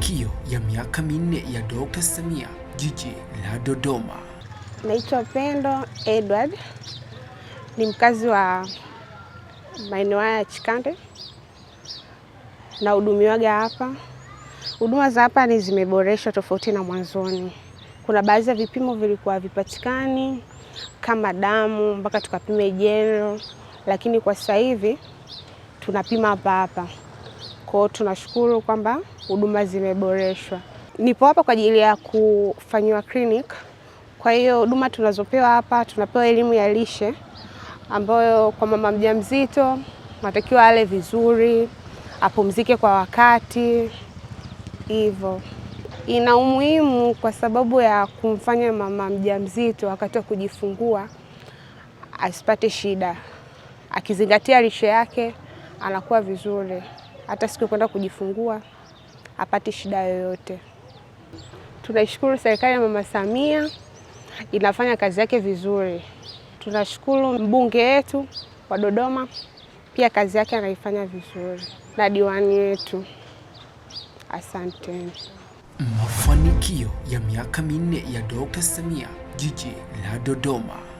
Mafanikio ya miaka minne ya Dr. Samia jiji la Dodoma. Naitwa Pendo Edward, ni mkazi wa maeneo haya ya Chikande nahudumiwaga hapa. Huduma za hapa ni zimeboreshwa tofauti na mwanzoni. Kuna baadhi ya vipimo vilikuwa havipatikani kama damu mpaka tukapime jeno, lakini kwa sasa hivi tunapima hapa hapa. Kwao tunashukuru kwamba huduma zimeboreshwa. Nipo hapa kwa ajili ya kufanyiwa clinic. Kwa hiyo huduma tunazopewa hapa, tunapewa elimu ya lishe ambayo kwa mama mjamzito natakiwa ale vizuri, apumzike kwa wakati. Hivyo ina umuhimu kwa sababu ya kumfanya mama mjamzito wakati wa kujifungua asipate shida, akizingatia lishe yake anakuwa vizuri hata siku kwenda kujifungua apati shida yoyote. Tunaishukuru serikali ya Mama Samia inafanya kazi yake vizuri. Tunashukuru mbunge wetu wa Dodoma pia kazi yake anaifanya vizuri na diwani wetu. asante Mafanikio ya miaka minne ya Dr. Samia jiji la Dodoma.